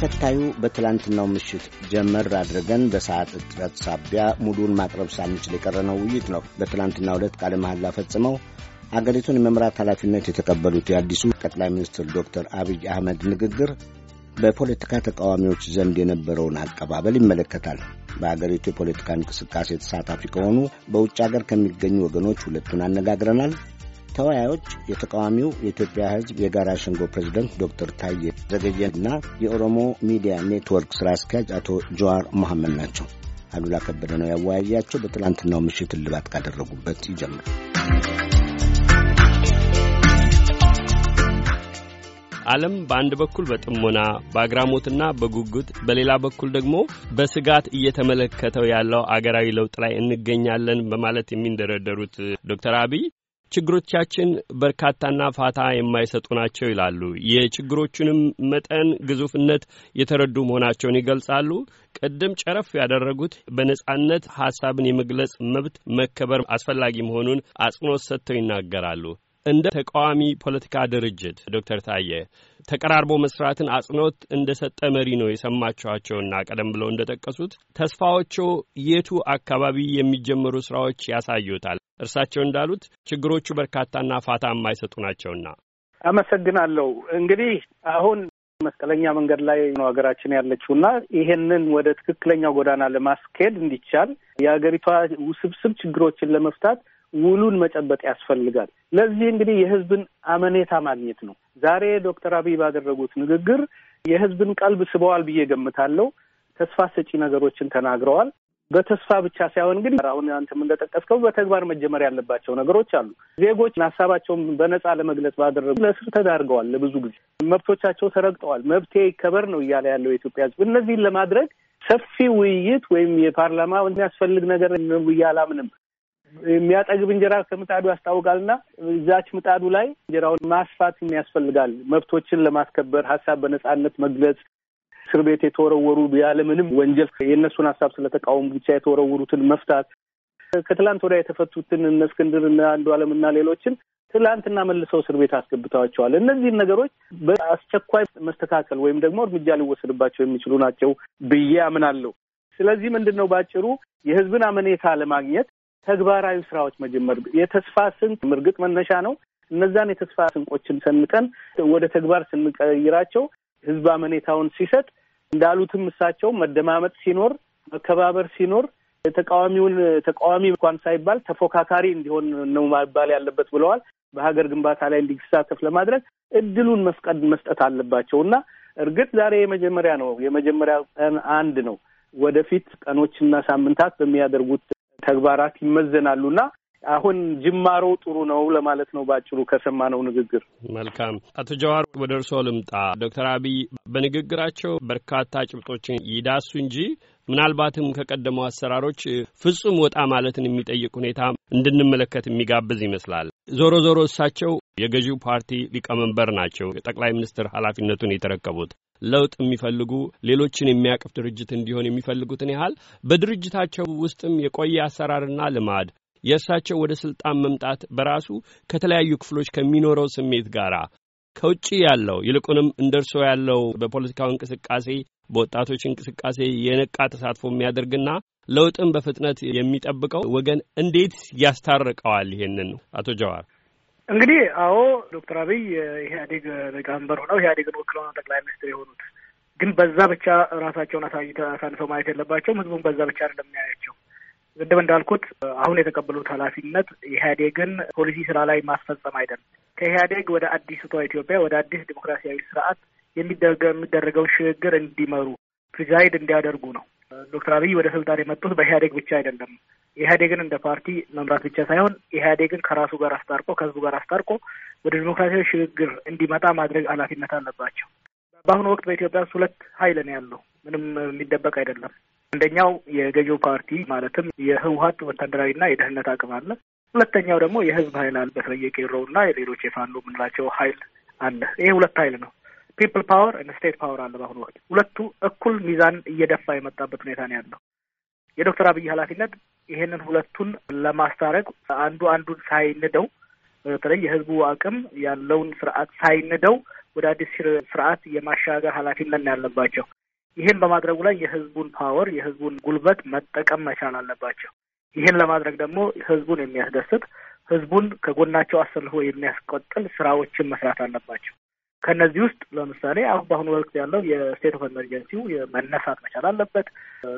ተከታዩ በትላንትናው ምሽት ጀመር አድርገን በሰዓት እጥረት ሳቢያ ሙሉን ማቅረብ ሳንችል የቀረነው ውይይት ነው። በትላንትና ዕለት ቃለ መሐላ ፈጽመው አገሪቱን የመምራት ኃላፊነት የተቀበሉት የአዲሱ ጠቅላይ ሚኒስትር ዶክተር አብይ አህመድ ንግግር በፖለቲካ ተቃዋሚዎች ዘንድ የነበረውን አቀባበል ይመለከታል። በአገሪቱ የፖለቲካ እንቅስቃሴ ተሳታፊ ከሆኑ በውጭ አገር ከሚገኙ ወገኖች ሁለቱን አነጋግረናል። ተወያዮች የተቃዋሚው የኢትዮጵያ ሕዝብ የጋራ ሸንጎ ፕሬዝደንት ዶክተር ታዬ እና የኦሮሞ ሚዲያ ኔትወርክ ስራ አስኪያጅ አቶ ጀዋር መሐመድ ናቸው። አሉላ ከበደ ነው ያወያያቸው። በትላንትናው ምሽት እልባት ካደረጉበት ይጀምራል። ዓለም በአንድ በኩል በጥሞና በአግራሞትና በጉጉት በሌላ በኩል ደግሞ በስጋት እየተመለከተው ያለው አገራዊ ለውጥ ላይ እንገኛለን በማለት የሚንደረደሩት ዶክተር አብይ ችግሮቻችን በርካታና ፋታ የማይሰጡ ናቸው ይላሉ። የችግሮቹንም መጠን ግዙፍነት የተረዱ መሆናቸውን ይገልጻሉ። ቅድም ጨረፍ ያደረጉት በነጻነት ሀሳብን የመግለጽ መብት መከበር አስፈላጊ መሆኑን አጽንኦት ሰጥተው ይናገራሉ። እንደ ተቃዋሚ ፖለቲካ ድርጅት ዶክተር ታየ ተቀራርቦ መስራትን አጽንኦት እንደ ሰጠ መሪ ነው የሰማችኋቸውና ቀደም ብለው እንደ ጠቀሱት ተስፋዎቹ የቱ አካባቢ የሚጀመሩ ስራዎች ያሳዩታል? እርሳቸው እንዳሉት ችግሮቹ በርካታና ፋታ የማይሰጡ ናቸውና። አመሰግናለሁ። እንግዲህ አሁን መስቀለኛ መንገድ ላይ ነው ሀገራችን ያለችው እና ይሄንን ወደ ትክክለኛው ጎዳና ለማስኬድ እንዲቻል የሀገሪቷ ውስብስብ ችግሮችን ለመፍታት ውሉን መጨበጥ ያስፈልጋል። ለዚህ እንግዲህ የህዝብን አመኔታ ማግኘት ነው። ዛሬ ዶክተር አብይ ባደረጉት ንግግር የህዝብን ቀልብ ስበዋል ብዬ ገምታለሁ። ተስፋ ሰጪ ነገሮችን ተናግረዋል። በተስፋ ብቻ ሳይሆን ግን አሁን አንተም እንደጠቀስከው በተግባር መጀመር ያለባቸው ነገሮች አሉ። ዜጎች ሀሳባቸውን በነጻ ለመግለጽ ባደረጉ ለእስር ተዳርገዋል። ለብዙ ጊዜ መብቶቻቸው ተረግጠዋል። መብቴ ይከበር ነው እያለ ያለው የኢትዮጵያ ሕዝብ እነዚህን ለማድረግ ሰፊ ውይይት ወይም የፓርላማ የሚያስፈልግ ነገር ነው ብዬ የሚያጠግብ እንጀራ ከምጣዱ ያስታውቃልና እዛች ምጣዱ ላይ እንጀራውን ማስፋት ያስፈልጋል። መብቶችን ለማስከበር ሀሳብ በነጻነት መግለጽ እስር ቤት የተወረወሩ ያለምንም ወንጀል የእነሱን ሀሳብ ስለተቃወሙ ብቻ የተወረወሩትን መፍታት ከትላንት ወዲያ የተፈቱትን እነ እስክንድር እነ እና ሌሎችን ትላንትና መልሰው እስር ቤት አስገብተዋቸዋል። እነዚህን ነገሮች በአስቸኳይ መስተካከል ወይም ደግሞ እርምጃ ሊወሰድባቸው የሚችሉ ናቸው ብዬ አምናለሁ። ስለዚህ ምንድን ነው በአጭሩ የህዝብን አመኔታ ለማግኘት ተግባራዊ ስራዎች መጀመር የተስፋ ስንቅ እርግጥ መነሻ ነው። እነዛን የተስፋ ስንቆችን ሰንቀን ወደ ተግባር ስንቀይራቸው ህዝብ አመኔታውን ሲሰጥ እንዳሉትም እሳቸው መደማመጥ ሲኖር መከባበር ሲኖር ተቃዋሚውን ተቃዋሚ እንኳን ሳይባል ተፎካካሪ እንዲሆን ነው ማባል ያለበት ብለዋል። በሀገር ግንባታ ላይ እንዲሳተፍ ለማድረግ እድሉን መስቀድ መስጠት አለባቸው እና እርግጥ ዛሬ የመጀመሪያ ነው የመጀመሪያ ቀን አንድ ነው። ወደፊት ቀኖችና ሳምንታት በሚያደርጉት ተግባራት ይመዘናሉና አሁን ጅማሮ ጥሩ ነው ለማለት ነው ባጭሩ ከሰማነው ንግግር። መልካም አቶ ጀዋር ወደ እርስዎ ልምጣ። ዶክተር አብይ በንግግራቸው በርካታ ጭብጦችን ይዳሱ እንጂ ምናልባትም ከቀደሙ አሰራሮች ፍጹም ወጣ ማለትን የሚጠይቅ ሁኔታ እንድንመለከት የሚጋብዝ ይመስላል። ዞሮ ዞሮ እሳቸው የገዢው ፓርቲ ሊቀመንበር ናቸው። ጠቅላይ ሚኒስትር ኃላፊነቱን የተረከቡት ለውጥ የሚፈልጉ ሌሎችን የሚያቅፍ ድርጅት እንዲሆን የሚፈልጉትን ያህል በድርጅታቸው ውስጥም የቆየ አሰራርና ልማድ የእርሳቸው ወደ ስልጣን መምጣት በራሱ ከተለያዩ ክፍሎች ከሚኖረው ስሜት ጋር ከውጭ ያለው ይልቁንም እንደ እርሶ ያለው በፖለቲካው እንቅስቃሴ በወጣቶች እንቅስቃሴ የነቃ ተሳትፎ የሚያደርግና ለውጥን በፍጥነት የሚጠብቀው ወገን እንዴት ያስታርቀዋል? ይሄንን አቶ ጀዋር እንግዲህ አዎ፣ ዶክተር አብይ የኢህአዴግ ሊቀመንበር ሆነው ኢህአዴግን ወክለው ነው ጠቅላይ ሚኒስትር የሆኑት። ግን በዛ ብቻ ራሳቸውን አሳንፈው ማየት የለባቸውም። ህዝቡን በዛ ብቻ አይደለም የሚያያቸው። ቅድም እንዳልኩት አሁን የተቀበሉት ኃላፊነት ኢህአዴግን ፖሊሲ ስራ ላይ ማስፈጸም አይደለም። ከኢህአዴግ ወደ አዲስቷ ኢትዮጵያ ወደ አዲስ ዲሞክራሲያዊ ስርዓት የሚደረገውን ሽግግር እንዲመሩ ፕሪዛይድ እንዲያደርጉ ነው። ዶክተር አብይ ወደ ስልጣን የመጡት በኢህአዴግ ብቻ አይደለም። ኢህአዴግን እንደ ፓርቲ መምራት ብቻ ሳይሆን ኢህአዴግን ከራሱ ጋር አስታርቆ ከህዝቡ ጋር አስታርቆ ወደ ዲሞክራሲያዊ ሽግግር እንዲመጣ ማድረግ ኃላፊነት አለባቸው። በአሁኑ ወቅት በኢትዮጵያ ውስጥ ሁለት ኃይል ነው ያለው። ምንም የሚደበቅ አይደለም። አንደኛው የገዢው ፓርቲ ማለትም የህወሀት ወታደራዊና የደህንነት አቅም አለ። ሁለተኛው ደግሞ የህዝብ ኃይል አለ። በተለይ የቄሮው እና የሌሎች የፋኖ የምንላቸው ኃይል አለ። ይሄ ሁለት ኃይል ነው። ፒፕል ፓወር እና ስቴት ፓወር አለ። በአሁኑ ወቅት ሁለቱ እኩል ሚዛን እየደፋ የመጣበት ሁኔታ ነው ያለው። የዶክተር አብይ ኃላፊነት ይሄንን ሁለቱን ለማስታረቅ አንዱ አንዱን ሳይንደው በተለይ የህዝቡ አቅም ያለውን ስርዓት ሳይንደው ወደ አዲስ ስርዓት የማሻገር ኃላፊነት ነው ያለባቸው። ይህን በማድረጉ ላይ የህዝቡን ፓወር የህዝቡን ጉልበት መጠቀም መቻል አለባቸው። ይህን ለማድረግ ደግሞ ህዝቡን የሚያስደስት ህዝቡን ከጎናቸው አሰልፎ የሚያስቆጥል ስራዎችን መስራት አለባቸው። ከእነዚህ ውስጥ ለምሳሌ አሁን በአሁኑ ወቅት ያለው የስቴት ኦፍ ኤመርጀንሲው መነሳት መቻል አለበት።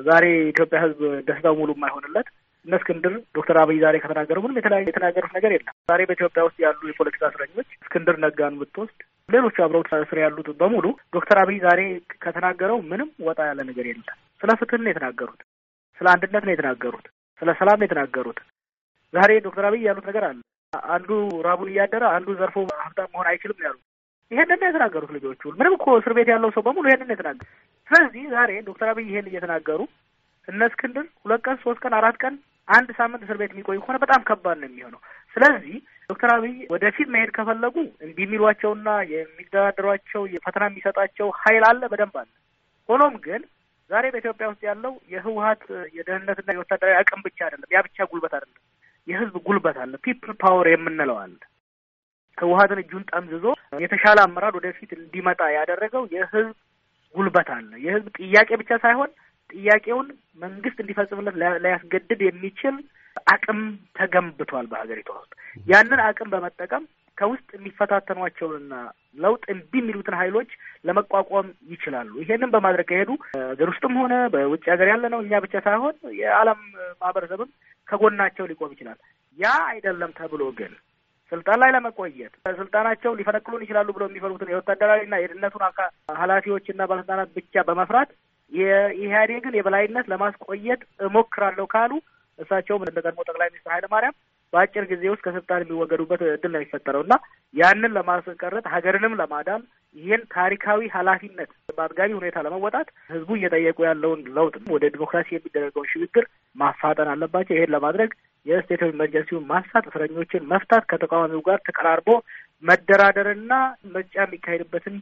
ዛሬ የኢትዮጵያ ህዝብ ደስታው ሙሉ የማይሆንለት እነ እስክንድር ዶክተር አብይ ዛሬ ከተናገሩ ምንም የተለያዩ የተናገሩት ነገር የለም። ዛሬ በኢትዮጵያ ውስጥ ያሉ የፖለቲካ እስረኞች እስክንድር ነጋን ብትወስድ ሌሎቹ አብረው ስር ያሉት በሙሉ ዶክተር አብይ ዛሬ ከተናገረው ምንም ወጣ ያለ ነገር የለም። ስለ ፍትህ ነው የተናገሩት፣ ስለ አንድነት ነው የተናገሩት፣ ስለ ሰላም ነው የተናገሩት። ዛሬ ዶክተር አብይ ያሉት ነገር አለ። አንዱ ራቡን እያደረ አንዱ ዘርፎ ሀብታም መሆን አይችልም ነው ያሉት። ይሄንን ነው የተናገሩት ልጆቹ። ምንም እኮ እስር ቤት ያለው ሰው በሙሉ ይሄንን ነው የተናገሩት። ስለዚህ ዛሬ ዶክተር አብይ ይሄን እየተናገሩ እነ እስክንድር ሁለት ቀን ሶስት ቀን አራት ቀን አንድ ሳምንት እስር ቤት የሚቆይ ከሆነ በጣም ከባድ ነው የሚሆነው። ስለዚህ ዶክተር አብይ ወደፊት መሄድ ከፈለጉ እምቢ የሚሏቸውና የሚደራደሯቸው ፈተና የሚሰጣቸው ሀይል አለ፣ በደንብ አለ። ሆኖም ግን ዛሬ በኢትዮጵያ ውስጥ ያለው የህወሀት የደህንነትና የወታደራዊ አቅም ብቻ አይደለም፣ ያ ብቻ ጉልበት አይደለም። የህዝብ ጉልበት አለ፣ ፒፕል ፓወር የምንለው አለ። ህወሀትን እጁን ጠምዝዞ የተሻለ አመራር ወደፊት እንዲመጣ ያደረገው የህዝብ ጉልበት አለ። የህዝብ ጥያቄ ብቻ ሳይሆን ጥያቄውን መንግስት እንዲፈጽምለት ሊያስገድድ የሚችል አቅም ተገንብቷል በሀገሪቷ ውስጥ። ያንን አቅም በመጠቀም ከውስጥ የሚፈታተኗቸውንና ለውጥ እምቢ የሚሉትን ኃይሎች ለመቋቋም ይችላሉ። ይሄንን በማድረግ ከሄዱ ሀገር ውስጥም ሆነ በውጭ ሀገር ያለ ነው እኛ ብቻ ሳይሆን የዓለም ማህበረሰብም ከጎናቸው ሊቆም ይችላል። ያ አይደለም ተብሎ ግን ስልጣን ላይ ለመቆየት ስልጣናቸው ሊፈነቅሉን ይችላሉ ብለው የሚፈሩትን የወታደራዊና የደህንነቱን ኃላፊዎችና ባለስልጣናት ብቻ በመፍራት የኢህአዴግን የበላይነት ለማስቆየት እሞክራለሁ ካሉ እሳቸውም እንደ ቀድሞ ጠቅላይ ሚኒስትር ኃይለማርያም በአጭር ጊዜ ውስጥ ከስልጣን የሚወገዱበት እድል ነው የሚፈጠረው እና ያንን ለማስቀረት ሀገርንም ለማዳን ይህን ታሪካዊ ኃላፊነት በአጥጋቢ ሁኔታ ለመወጣት ህዝቡ እየጠየቁ ያለውን ለውጥ ወደ ዲሞክራሲ የሚደረገውን ሽግግር ማፋጠን አለባቸው። ይሄን ለማድረግ የስቴት ኦፍ ኢመርጀንሲውን ማንሳት፣ እስረኞችን መፍታት፣ ከተቃዋሚው ጋር ተቀራርቦ መደራደርና ምርጫ የሚካሄድበትን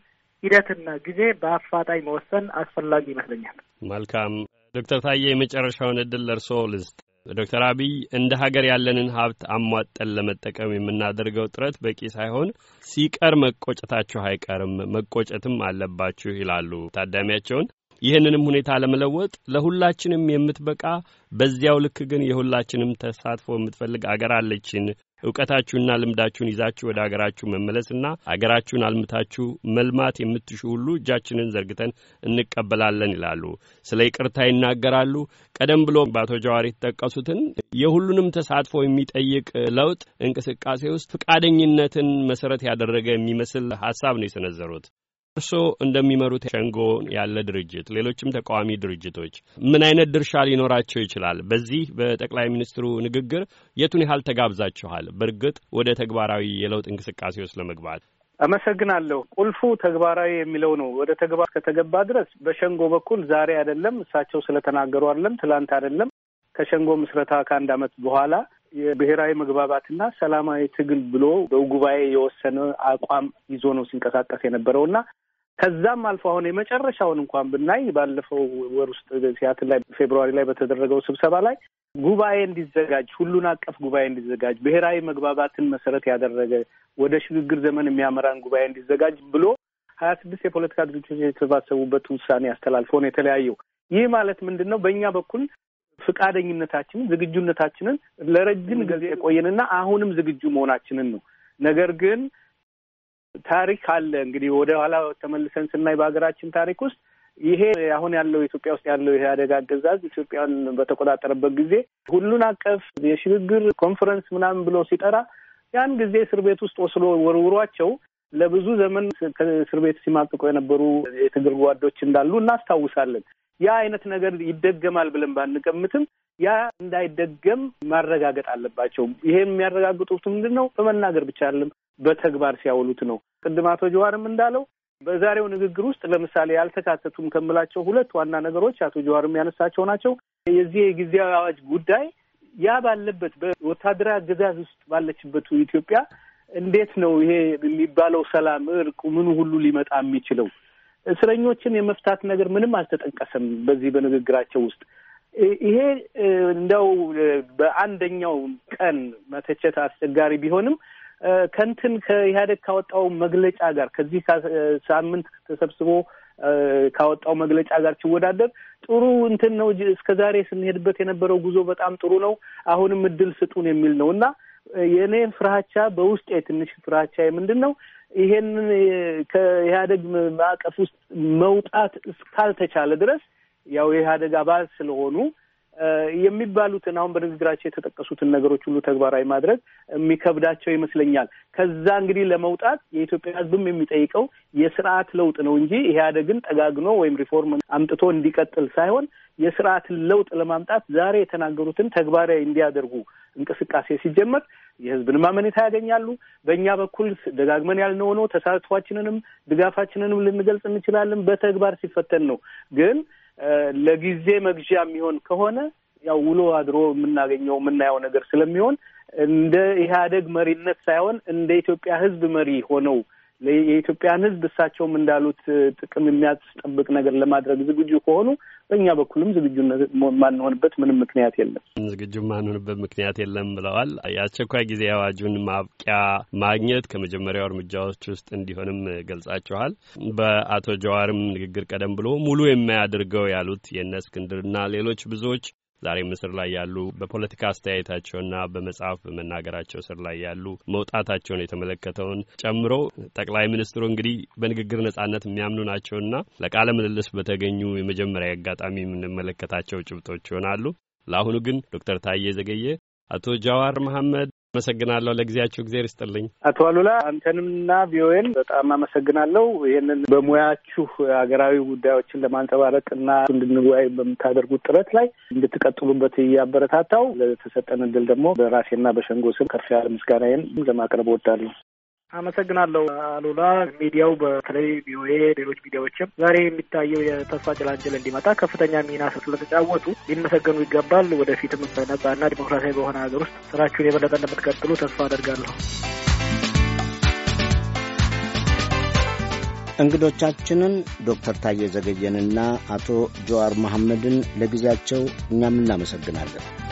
ሂደትና ጊዜ በአፋጣኝ መወሰን አስፈላጊ ይመስለኛል። መልካም ዶክተር ታዬ የመጨረሻውን እድል ለእርስዎ ልስጥ። ዶክተር አብይ እንደ ሀገር ያለንን ሀብት አሟጠን ለመጠቀም የምናደርገው ጥረት በቂ ሳይሆን ሲቀር መቆጨታችሁ አይቀርም መቆጨትም አለባችሁ ይላሉ ታዳሚያቸውን። ይህንንም ሁኔታ ለመለወጥ ለሁላችንም የምትበቃ በዚያው ልክ ግን የሁላችንም ተሳትፎ የምትፈልግ አገር አለችን እውቀታችሁና ልምዳችሁን ይዛችሁ ወደ አገራችሁ መመለስና አገራችሁን አልምታችሁ መልማት የምትሹ ሁሉ እጃችንን ዘርግተን እንቀበላለን ይላሉ። ስለ ይቅርታ ይናገራሉ። ቀደም ብሎ በአቶ ጀዋር የተጠቀሱትን የሁሉንም ተሳትፎ የሚጠይቅ ለውጥ እንቅስቃሴ ውስጥ ፈቃደኝነትን መሰረት ያደረገ የሚመስል ሀሳብ ነው የሰነዘሩት። እርስዎ እንደሚመሩት ሸንጎ ያለ ድርጅት ሌሎችም ተቃዋሚ ድርጅቶች ምን አይነት ድርሻ ሊኖራቸው ይችላል? በዚህ በጠቅላይ ሚኒስትሩ ንግግር የቱን ያህል ተጋብዛችኋል? በእርግጥ ወደ ተግባራዊ የለውጥ እንቅስቃሴ ውስጥ ለመግባት አመሰግናለሁ። ቁልፉ ተግባራዊ የሚለው ነው። ወደ ተግባር እስከተገባ ድረስ በሸንጎ በኩል ዛሬ አይደለም እሳቸው ስለተናገሩ አይደለም፣ ትላንት አይደለም ከሸንጎ ምስረታ ከአንድ ዓመት በኋላ የብሔራዊ መግባባትና ሰላማዊ ትግል ብሎ በጉባኤ የወሰነ አቋም ይዞ ነው ሲንቀሳቀስ የነበረው እና ከዛም አልፎ አሁን የመጨረሻውን እንኳን ብናይ ባለፈው ወር ውስጥ ሲያትል ላይ ፌብርዋሪ ላይ በተደረገው ስብሰባ ላይ ጉባኤ እንዲዘጋጅ ሁሉን አቀፍ ጉባኤ እንዲዘጋጅ ብሔራዊ መግባባትን መሰረት ያደረገ ወደ ሽግግር ዘመን የሚያመራን ጉባኤ እንዲዘጋጅ ብሎ ሀያ ስድስት የፖለቲካ ድርጅቶች የተሰባሰቡበት ውሳኔ አስተላልፎ ነው የተለያየው። ይህ ማለት ምንድን ነው? በእኛ በኩል ፍቃደኝነታችንን፣ ዝግጁነታችንን ለረጅም ጊዜ የቆየንና አሁንም ዝግጁ መሆናችንን ነው። ነገር ግን ታሪክ አለ እንግዲህ ወደ ኋላ ተመልሰን ስናይ በሀገራችን ታሪክ ውስጥ ይሄ አሁን ያለው ኢትዮጵያ ውስጥ ያለው አደጋ አገዛዝ ኢትዮጵያን በተቆጣጠረበት ጊዜ ሁሉን አቀፍ የሽግግር ኮንፈረንስ ምናምን ብሎ ሲጠራ ያን ጊዜ እስር ቤት ውስጥ ወስሎ ወርውሯቸው ለብዙ ዘመን ከእስር ቤት ሲማቅቁ የነበሩ የትግል ጓዶች እንዳሉ እናስታውሳለን። ያ አይነት ነገር ይደገማል ብለን ባንቀምትም ያ እንዳይደገም ማረጋገጥ አለባቸው። ይሄ የሚያረጋግጡት ምንድን ነው? በመናገር ብቻ አይደለም፣ በተግባር ሲያውሉት ነው። ቅድም አቶ ጀዋርም እንዳለው በዛሬው ንግግር ውስጥ ለምሳሌ ያልተካተቱም ከምላቸው ሁለት ዋና ነገሮች አቶ ጀዋርም ያነሳቸው ናቸው። የዚህ የጊዜያዊ አዋጅ ጉዳይ ያ ባለበት በወታደራዊ አገዛዝ ውስጥ ባለችበት ኢትዮጵያ እንዴት ነው ይሄ የሚባለው ሰላም፣ እርቁ፣ ምኑ ሁሉ ሊመጣ የሚችለው እስረኞችን የመፍታት ነገር ምንም አልተጠቀሰም በዚህ በንግግራቸው ውስጥ። ይሄ እንደው በአንደኛው ቀን መተቸት አስቸጋሪ ቢሆንም ከንትን ከኢህአዴግ ካወጣው መግለጫ ጋር ከዚህ ሳምንት ተሰብስቦ ካወጣው መግለጫ ጋር ሲወዳደር ጥሩ እንትን ነው። እስከ ዛሬ ስንሄድበት የነበረው ጉዞ በጣም ጥሩ ነው፣ አሁንም እድል ስጡን የሚል ነው እና የእኔ ፍራቻ በውስጤ ትንሽ ፍራቻ ምንድን ነው ይሄንን ከኢህአደግ ማዕቀፍ ውስጥ መውጣት እስካልተቻለ ድረስ ያው የኢህአደግ አባል ስለሆኑ የሚባሉትን አሁን በንግግራቸው የተጠቀሱትን ነገሮች ሁሉ ተግባራዊ ማድረግ የሚከብዳቸው ይመስለኛል። ከዛ እንግዲህ ለመውጣት የኢትዮጵያ ሕዝብም የሚጠይቀው የስርዓት ለውጥ ነው እንጂ ኢህአደግን ጠጋግኖ ወይም ሪፎርም አምጥቶ እንዲቀጥል ሳይሆን የስርዓትን ለውጥ ለማምጣት ዛሬ የተናገሩትን ተግባራዊ እንዲያደርጉ እንቅስቃሴ ሲጀመር የህዝብን ማመኔታ ያገኛሉ። በእኛ በኩል ደጋግመን ያልነው ነው። ተሳትፏችንንም ድጋፋችንንም ልንገልጽ እንችላለን። በተግባር ሲፈተን ነው። ግን ለጊዜ መግዣ የሚሆን ከሆነ ያው ውሎ አድሮ የምናገኘው የምናየው ነገር ስለሚሆን እንደ ኢህአደግ መሪነት ሳይሆን እንደ ኢትዮጵያ ህዝብ መሪ ሆነው የኢትዮጵያን ሕዝብ እሳቸውም እንዳሉት ጥቅም የሚያስጠብቅ ነገር ለማድረግ ዝግጁ ከሆኑ በእኛ በኩልም ዝግጁ ማንሆንበት ምንም ምክንያት የለም። ዝግጁ ማንሆንበት ምክንያት የለም ብለዋል። የአስቸኳይ ጊዜ አዋጁን ማብቂያ ማግኘት ከመጀመሪያው እርምጃዎች ውስጥ እንዲሆንም ገልጻችኋል። በአቶ ጀዋርም ንግግር ቀደም ብሎ ሙሉ የማያደርገው ያሉት የእነ እስክንድርና ሌሎች ብዙዎች ዛሬም እስር ላይ ያሉ በፖለቲካ አስተያየታቸውና በመጽሐፍ በመናገራቸው እስር ላይ ያሉ መውጣታቸውን የተመለከተውን ጨምሮ ጠቅላይ ሚኒስትሩ እንግዲህ በንግግር ነጻነት የሚያምኑ ናቸውና ለቃለ ምልልስ በተገኙ የመጀመሪያ አጋጣሚ የምንመለከታቸው ጭብጦች ይሆናሉ። ለአሁኑ ግን ዶክተር ታዬ ዘገየ፣ አቶ ጃዋር መሐመድ አመሰግናለሁ። ለጊዜያችሁ እግዜር ይስጥልኝ። አቶ አሉላ አንተንምና ቪኦኤን በጣም አመሰግናለሁ። ይህንን በሙያችሁ ሀገራዊ ጉዳዮችን ለማንጸባረቅ እና እንድንወያይ በምታደርጉት ጥረት ላይ እንድትቀጥሉበት እያበረታታው ለተሰጠን እድል ደግሞ በራሴና በሸንጎ ስም ከፍ ያለ ምስጋናዬን ለማቅረብ እወዳለሁ። አመሰግናለሁ አሉላ። ሚዲያው በተለይ ቪኦኤ፣ ሌሎች ሚዲያዎችም ዛሬ የሚታየው የተስፋ ጭላንጭል እንዲመጣ ከፍተኛ ሚና ስለተጫወቱ ሊመሰገኑ ይገባል። ወደፊትም በነጻና ዲሞክራሲያዊ በሆነ ሀገር ውስጥ ስራችሁን የበለጠ እንደምትቀጥሉ ተስፋ አደርጋለሁ። እንግዶቻችንን ዶክተር ታዬ ዘገየንና አቶ ጀዋር መሐመድን ለጊዜያቸው እኛም እናመሰግናለን።